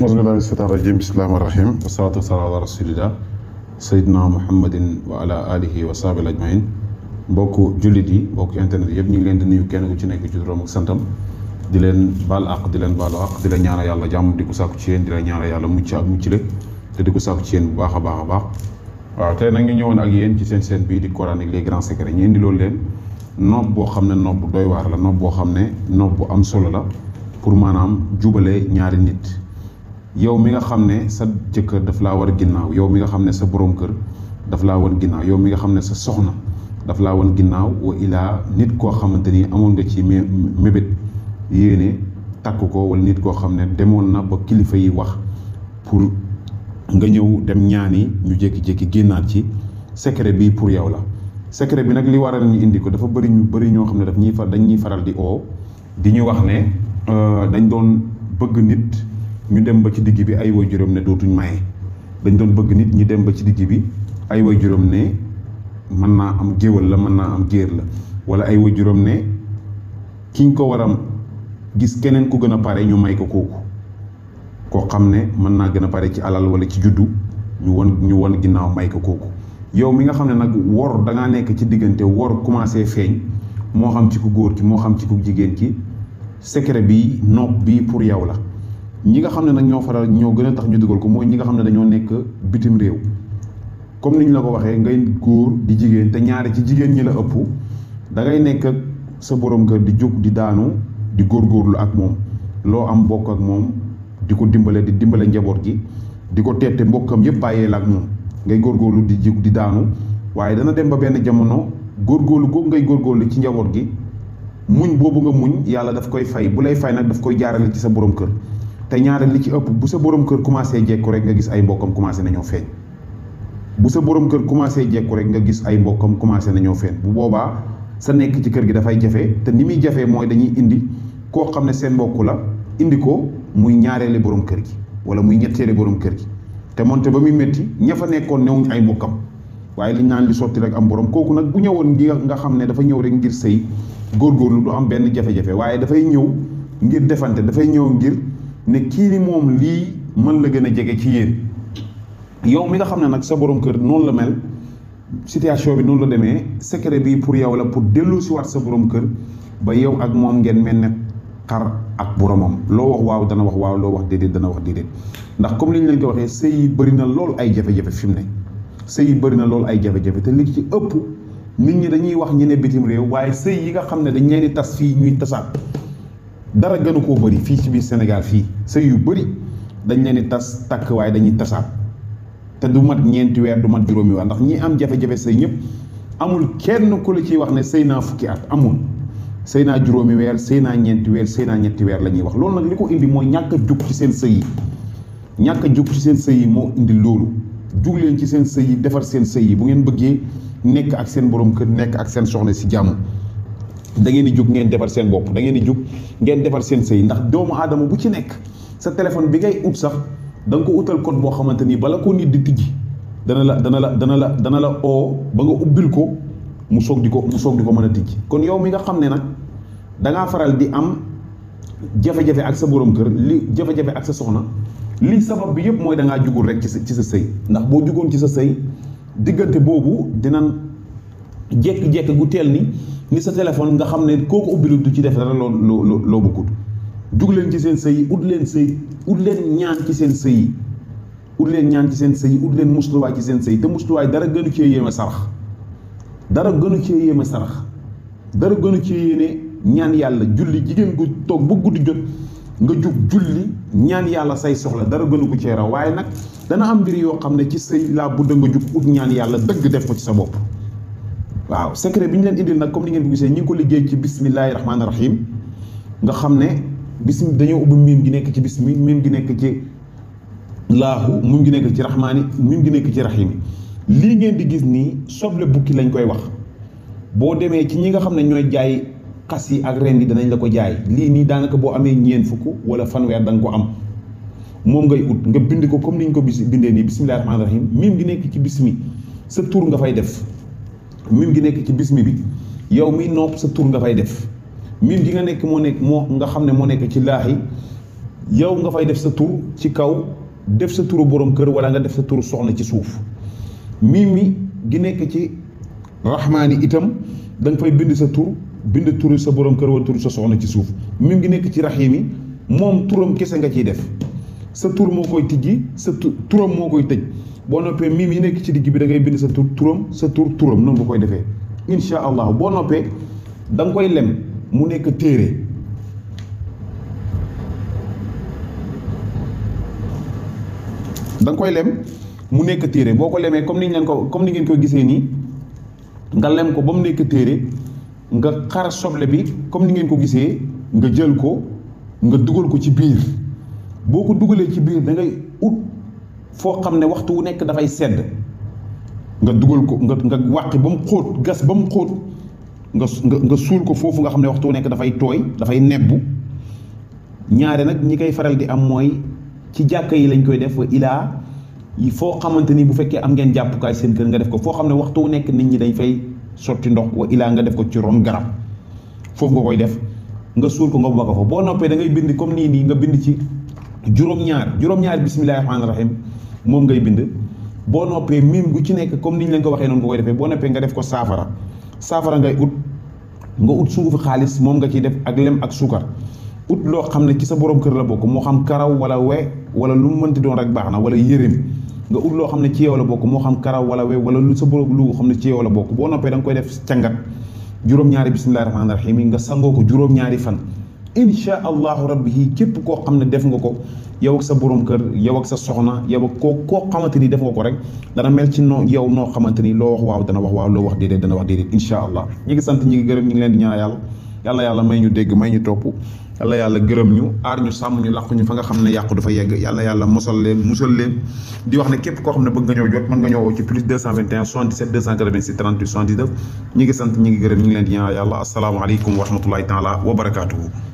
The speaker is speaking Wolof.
أعوذ بالله من الشيطان الرجيم بسم الله الرحمن الرحيم والصلاة والسلام على رسول الله Seydina Muhammadin wa ala alihi wa sahbihi ajmain mbokku jullit yi mbokku internet yëpp ñu ngi leen di nuyu kenn ku ci nekk ci turam ak santam di leen baal àq di leen baalu àq di leen ñaanal yàlla jàmm di ko sàkku ci yéen di leen ñaanal yàlla mucc ak mucc rek te di ko sàkku ci yéen bu baax a baax a baax waaw tey nag ñu ñëwoon ak yéen ci seen seen bii di coranique les grands secrets ñu indi loolu leen nopp boo xam ne nopp doy waar la nopp boo xam ne nopp bu am solo la pour maanaam jubale ñaari nit yow mi nga xam ne sa jëkkër daf laa war ginnaaw yow mi nga xam ne sa borom kër daf laa wan ginnaaw yow mi nga xam ne sa soxna daf laa wan ginnaaw wa ilaa nit koo xamante ni amoon nga ci mébét yéene takk ko wala nit koo xam ne demoon na ba kilifa yi wax pour nga ñëw dem ñaani ñu jékki-jékki génnaat ci secret bi pour yow la secret bi nag li waral ñu indi ko dafa bëri ñu bëri ñoo xam ne daf ñuy far dañ ñuy faral di oo di ñu wax ne euh, dañ doon bëgg nit ñu dem ba ci digg bi ay waajuram ne dootuñ maye dañ doon bëgg nit ñu dem ba ci digg bi ay juróom ne mën naa am géwal la mën naa am géer la wala ay juróom ne kiñ ko war a gis keneen ku gën a pare ñu may ko kooku koo xam ne mën naa gën a pare ci alal wala ci juddu ñu won ñu ginnaaw may ko kooku yow mi nga xam ne nag wor dangaa nekk ci diggante wor commencé feeñ moo xam ci ku góor ci moo xam ci ku jigéen ci secret bi nopp bi pour yow la ñi nga xam ne nag ñoo faral ñoo gën a tax ñu dugal ko mooy ñi nga xam ne dañoo nekk bitim réew comme ni ñu la ko waxee ngay góor di jigéen te ñaari ci jigéen ñi la ëpp da ngay nekk sa borom kër di jóg di daanu di góorgóorlu ak moom loo am bokk ak moom di ko dimbale di dimbale njaboot gi di ko teete mbokkam yëpp bàyyee la ak moom ngay góorgóorlu di jóg di daanu waaye dana dem ba benn jamono góor góorgóorlu googu ngay góor góorlu ci njaboot gi muñ boobu nga muñ yàlla daf koy fay bu lay fay nag daf koy jaarale ci sa borom kër. te ñaareel li ci ëpp bu sa borom kër commencé jekku rek nga gis ay mbokkam commencé nañoo feeñ bu sa borom kër commencé jekku rek nga gis ay mbokkam commencé nañoo feeñ bu boobaa sa nekk ci kër gi dafay jafe te ni muy jafee mooy dañuy indi koo xam ne seen mbokk la indi ko muy ñaareeli borom kër gi wala muy ñetteeli borom kër gi te moonte ba muy métti ña nekkoon newuñ ay mbokkam waaye liñ naan li sotti rek am borom kooku nag bu ñëwoon ngi nga xam ne dafa ñëw rek ngir sëy góorgóorlu du am benn jafe-jafe waaye dafay ñëw ngir defante dafay ñëw ngir ne kii ni moom lii mën la gën a jege ci yéen yow mi nga xam ne nag sa boroom kër noonu la mel situation bi noonu la demee secret bi pour yow la pour dellu si waat sa borom kër ba yow ak moom ngeen mel ne xar ak boromam loo wax waaw dana wax waaw loo wax déedéet dana wax déedéet ndax comme li ñu leen ko waxee sëy yi bëri na lool ay jafe-jafe ne sëy yi bëri na lool ay jafe te li ci ëpp nit ñi dañuy wax ñi ne bitim réew waaye sëy yi nga xam ne dañ leen di tas fii ñuy tasaat dara gënu ko bëri fii ci biir Sénégal fii sëy yu bëri dañ leen di tas takk waaye dañuy tasaat te du mat ñeenti weer du mat juróomi weer ndax ñi am jafe-jafe sëy ñëpp amul kenn ku la ciy wax ne sëy naa fukki at amul sëy naa juróomi weer sëy naa ñeenti weer sëy naa ñetti weer la ñuy wax loolu nag li ko indi mooy ñàkk a ci seen sëy yi ñàkk a ci seen sëy yi moo indi loolu jug leen ci seen sëy yi defar seen sëy yi bu ngeen bëggee nekk ak seen borom kër nekk ak seen soxna si jàmm da ngeen di jug ngeen defar seen bopp da ngeen di jug ngeen defar seen sey ndax doomu aadama bu ci nekk sa téléphone bi ngay ut sax da nga ko utal code boo xamante ni bala ko nit di tijji dana la dana la dana la dana la oo ba nga ubbil ko mu soog di ko mu soog di ko mën a kon yow mi nga xam ne da ngaa faral di am jafe-jafe ak sa borom kër li jafe-jafe ak sa soxna li sabab bi yëpp mooy da ngaa jugul rek ci sa ci sa sëy ndax boo jugoon ci sa sëy diggante boobu dinañ gu teel ni ni sa téléphone nga xam ne kooku ubbilul du ci def dara loo loo loo bëggut dug leen ci seen sëy yi ut leen sëy ut leen ñaan ci seen sëy yi ut leen ñaan ci seen sëy yi ut leen musluwaay ci seen sëy te musluwaay dara gënu cee yéeme sarax dara gënu cee yéeme sarax dara gënu cee yéene ñaan yàlla julli jigéen gu toog ba guddi jot nga jug julli ñaan yàlla say soxla dara gënu ko cee raw waaye nag dana am mbir yoo xam ne ci sëy laa budda nga jug ut ñaan yàlla dëgg def ko ci sa bopp waaw secret bi ñu leen indil nag comme ni ngeen ko gisee ñu ngi ko liggéey ci bismillahi rahmaani rahim nga xam ne bismi dañoo ubbi miim gi nekk ci bismi miim gi nekk ci laahu miim gi nekk ci rahmaani miim gi nekk ci rahim lii ngeen di gis nii soble bukki lañ koy wax boo demee ci ñi nga xam ne ñooy jaay xas yi ak ren danañ la ko jaay lii nii daanaka boo amee ñeen fukk wala fanweer da ko am moom ngay ut nga bind ko comme ni ñu ko bis bindee nii bismillahi rahmaani rahim miim gi nekk ci bismi sa tur nga fay def mim gi nekk ci bismi bi yow miy nopp sa tur nga fay def mim gi nga nekk moo nekk moo nga xam ne moo nekk ci laaxi yow nga fay def sa tur ci kaw def sa turu borom kër wala nga def sa turu soxna ci suuf mim mi gi nekk ci rahmaani itam da nga bind sa tur bind turu sa borom kër wala sa soxna ci suuf mim gi nekk ci raxiim yi moom turam kese nga ciy def sa tur moo koy tijji sa turam moo koy tëj boo noppee mi yi nekk ci digg bi da ngay bind sa tour turam sa tour turam non nga koy defee incha allah boo noppee da koy lem mu nek téré dang koy lem mu nek téré boko ko comme ni ngeen ko comme ni ngeen ko gisé ni nga lem ko bam nek téré nga xar soble bi comme ni ngeen ko gisé nga jël ko nga dugal ko ci biir boko ko ci biir da ngay out foo xam ne waxtu wu nekk dafay sedd nga dugal ko nga nga wàqi ba mu xóot gas ba mu xóot nga nga suul ko foofu nga xam ne waxtu wu nekk dafay tooy dafay nebbu ñaare nag ñi koy faral di am mooy ci jàkka yi lañ koy def wa ilaa foo xamante ni bu fekkee am ngeen jàppukaay seen kër nga def ko foo xam ne waxtu nekk nit ñi dañ fay sotti ndox wa ilaa nga def ko ci ron garab foofu nga koy def nga suul ko nga bugg ko fa boo noppee dangay ngay bind comme nii nii nga bind ci. juróom-ñaar juróom-ñaar bisimilahi rahmaani rahim moom ngay bind boo noppee mim bu ci nekk comme niñ ñu leen ko waxee noonu nga koy defee boo noppee nga def ko saafara saafara ngay ut nga ut suufu xaalis moom nga ciy def ak lem ak suukar ut loo xam ne ci sa borom kër la bokk moo xam karaw wala we wala lu mënti doon rek baax na wala yéreem nga ut loo xam ne ci yow la bokk moo xam karaw wala we wala lu sa borom lu xam ne ci yow la bokk boo noppee da nga koy def cangat juróom-ñaari bisimilahi rahmaani rahim nga sangoo ko juróom-ñaari fan incha allahu rabbi yi képp koo xam ne def nga ko yow ak sa borom kër yow sa soxna yow ak koo koo ni def nga ko rek dana mel ci noo noo xamante ni loo wax waaw dana wax waaw loo wax déedéet dana wax déedéet incha allah ñi ngi sant ñi ngi gërëm ngi leen di ñaan yàlla yàlla yàlla may ñu dégg may ñu topp yàlla yàlla gërëm ñu aar ñu sàmm ñu làqu yàlla yàlla mosal leen musal leen di wax ne képp koo xam ne bëgg sant ñi ngi ngi leen di ñaan yàlla asalaamaaleykum wa rahmatullahi taala wa